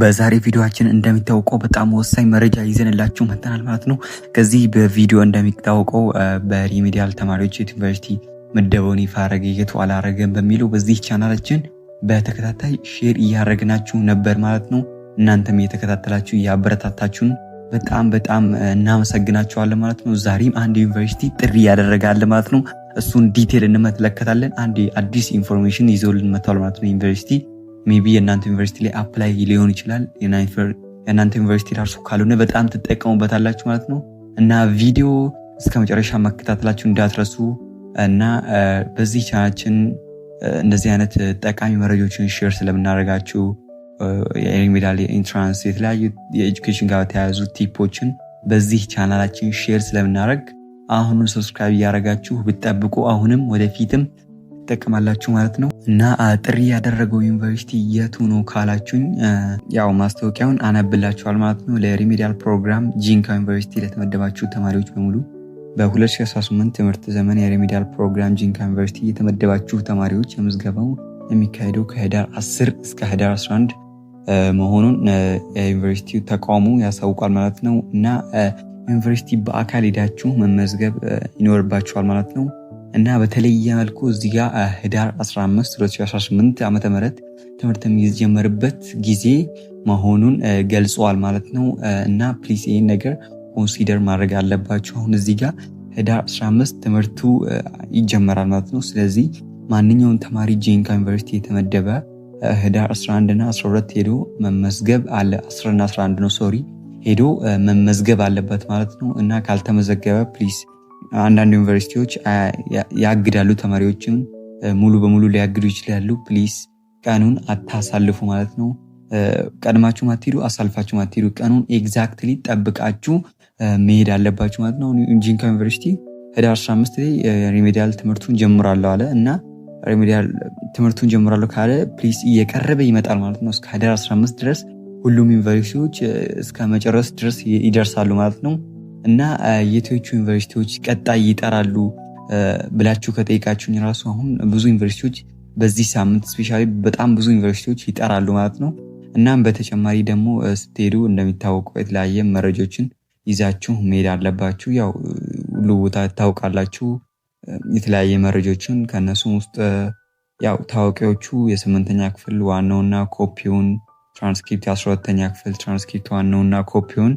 በዛሬ ቪዲዮችን እንደሚታወቀው በጣም ወሳኝ መረጃ ይዘንላችሁ መጥተናል ማለት ነው። ከዚህ በቪዲዮ እንደሚታወቀው በሪሚዲያል ተማሪዎች ዩኒቨርሲቲ ምደባውን ይፋ አረገ የቱ አላረገም በሚለው በዚህ ቻናላችን በተከታታይ ሼር እያደረግናችሁ ነበር ማለት ነው። እናንተም እየተከታተላችሁ እያበረታታችሁን በጣም በጣም እናመሰግናችኋለን ማለት ነው። ዛሬም አንድ ዩኒቨርሲቲ ጥሪ ያደረጋል ማለት ነው። እሱን ዲቴል እንመለከታለን። አንድ አዲስ ኢንፎርሜሽን ይዞልን መጥቷል ማለት ነው ዩኒቨርሲቲ ሜቢ የእናንተ ዩኒቨርሲቲ ላይ አፕላይ ሊሆን ይችላል። የእናንተ ዩኒቨርሲቲ ራሱ ካልሆነ በጣም ትጠቀሙበታላችሁ ማለት ነው እና ቪዲዮ እስከ መጨረሻ መከታተላችሁ እንዳትረሱ እና በዚህ ቻናችን እንደዚህ አይነት ጠቃሚ መረጃዎችን ሼር ስለምናደርጋችሁ የሜዳል ኢንትራንስ የተለያዩ የኤጁኬሽን ጋር ተያያዙ ቲፖችን በዚህ ቻናላችን ሼር ስለምናደርግ አሁኑን ሰብስክራይብ እያደረጋችሁ ብትጠብቁ አሁንም ወደፊትም ትጠቀማላችሁ ማለት ነው። እና ጥሪ ያደረገው ዩኒቨርሲቲ የቱ ነው ካላችሁኝ፣ ያው ማስታወቂያውን አነብላችኋል ማለት ነው። ለሪሚዲያል ፕሮግራም ጂንካ ዩኒቨርሲቲ ለተመደባችሁ ተማሪዎች በሙሉ በ2018 ትምህርት ዘመን የሪሚዲያል ፕሮግራም ጂንካ ዩኒቨርሲቲ የተመደባችሁ ተማሪዎች የምዝገባው የሚካሄደው ከህዳር 10 እስከ ህዳር 11 መሆኑን ዩኒቨርሲቲው ተቋሙ ያሳውቋል ማለት ነው እና ዩኒቨርሲቲ በአካል ሄዳችሁ መመዝገብ ይኖርባችኋል ማለት ነው። እና በተለየ መልኩ እዚጋ ህዳር 15 2018 ዓ ም ትምህርት የሚጀመርበት ጊዜ መሆኑን ገልጸዋል ማለት ነው። እና ፕሊስ ይህን ነገር ኮንሲደር ማድረግ አለባቸው። አሁን እዚህ ጋር ህዳር 15 ትምህርቱ ይጀመራል ማለት ነው። ስለዚህ ማንኛውም ተማሪ ጄንካ ዩኒቨርሲቲ የተመደበ ህዳር 11 እና 12 ሄዶ መመዝገብ አለ 11 ነው ሶሪ ሄዶ መመዝገብ አለበት ማለት ነው እና ካልተመዘገበ ፕሊስ አንዳንድ ዩኒቨርሲቲዎች ያግዳሉ፣ ተማሪዎችን ሙሉ በሙሉ ሊያግዱ ይችላሉ። ፕሊስ ቀኑን አታሳልፉ ማለት ነው። ቀድማችሁ ማትሄዱ፣ አሳልፋችሁ ማትሄዱ፣ ቀኑን ኤግዛክትሊ ጠብቃችሁ መሄድ አለባችሁ ማለት ነው። ጂንካ ዩኒቨርሲቲ ህዳር 15 ላይ ሪሜዲያል ትምህርቱን ጀምራለሁ አለ እና ሪሜዲያል ትምህርቱን ጀምራለሁ ካለ ፕሊስ እየቀረበ ይመጣል ማለት ነው። እስከ ህዳር 15 ድረስ ሁሉም ዩኒቨርሲቲዎች እስከ መጨረስ ድረስ ይደርሳሉ ማለት ነው። እና የትኞቹ ዩኒቨርሲቲዎች ቀጣይ ይጠራሉ ብላችሁ ከጠይቃችሁኝ የራሱ አሁን ብዙ ዩኒቨርሲቲዎች በዚህ ሳምንት ስፔሻሊ በጣም ብዙ ዩኒቨርሲቲዎች ይጠራሉ ማለት ነው። እናም በተጨማሪ ደግሞ ስትሄዱ እንደሚታወቀው የተለያየ መረጃዎችን ይዛችሁ መሄድ አለባችሁ። ያው ሁሉ ቦታ ታውቃላችሁ የተለያየ መረጃዎችን ከእነሱም ውስጥ ያው ታዋቂዎቹ የስምንተኛ ክፍል ዋናውና ኮፒውን፣ ትራንስክሪፕት የአስራ ሁለተኛ ክፍል ትራንስክሪፕት ዋናውና ኮፒውን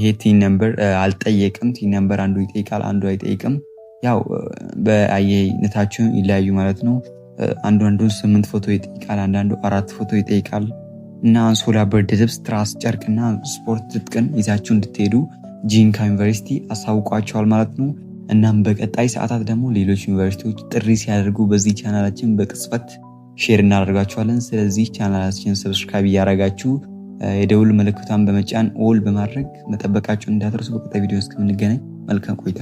ይሄ ቲን ነምበር አልጠየቅም። ቲን ነንበር አንዱ ይጠይቃል፣ አንዱ አይጠይቅም። ያው በአየነታቸውን ይለያዩ ማለት ነው። አንዱ አንዱን ስምንት ፎቶ ይጠይቃል፣ አንዳንዱ አራት ፎቶ ይጠይቃል። እና አንሶላ ብርድ ልብስ፣ ትራስ፣ ጨርቅ እና ስፖርት ትጥቅን ይዛችሁ እንድትሄዱ ጂንካ ዩኒቨርሲቲ አሳውቋቸዋል ማለት ነው። እናም በቀጣይ ሰዓታት ደግሞ ሌሎች ዩኒቨርሲቲዎች ጥሪ ሲያደርጉ በዚህ ቻናላችን በቅጽበት ሼር እናደርጋችኋለን። ስለዚህ ቻናላችን ሰብስክራይብ እያረጋችሁ የደውል ምልክቷን በመጫን ኦል በማድረግ መጠበቃችሁን እንዳትረሱ። በቀጣይ ቪዲዮ እስከምንገናኝ መልካም ቆይታ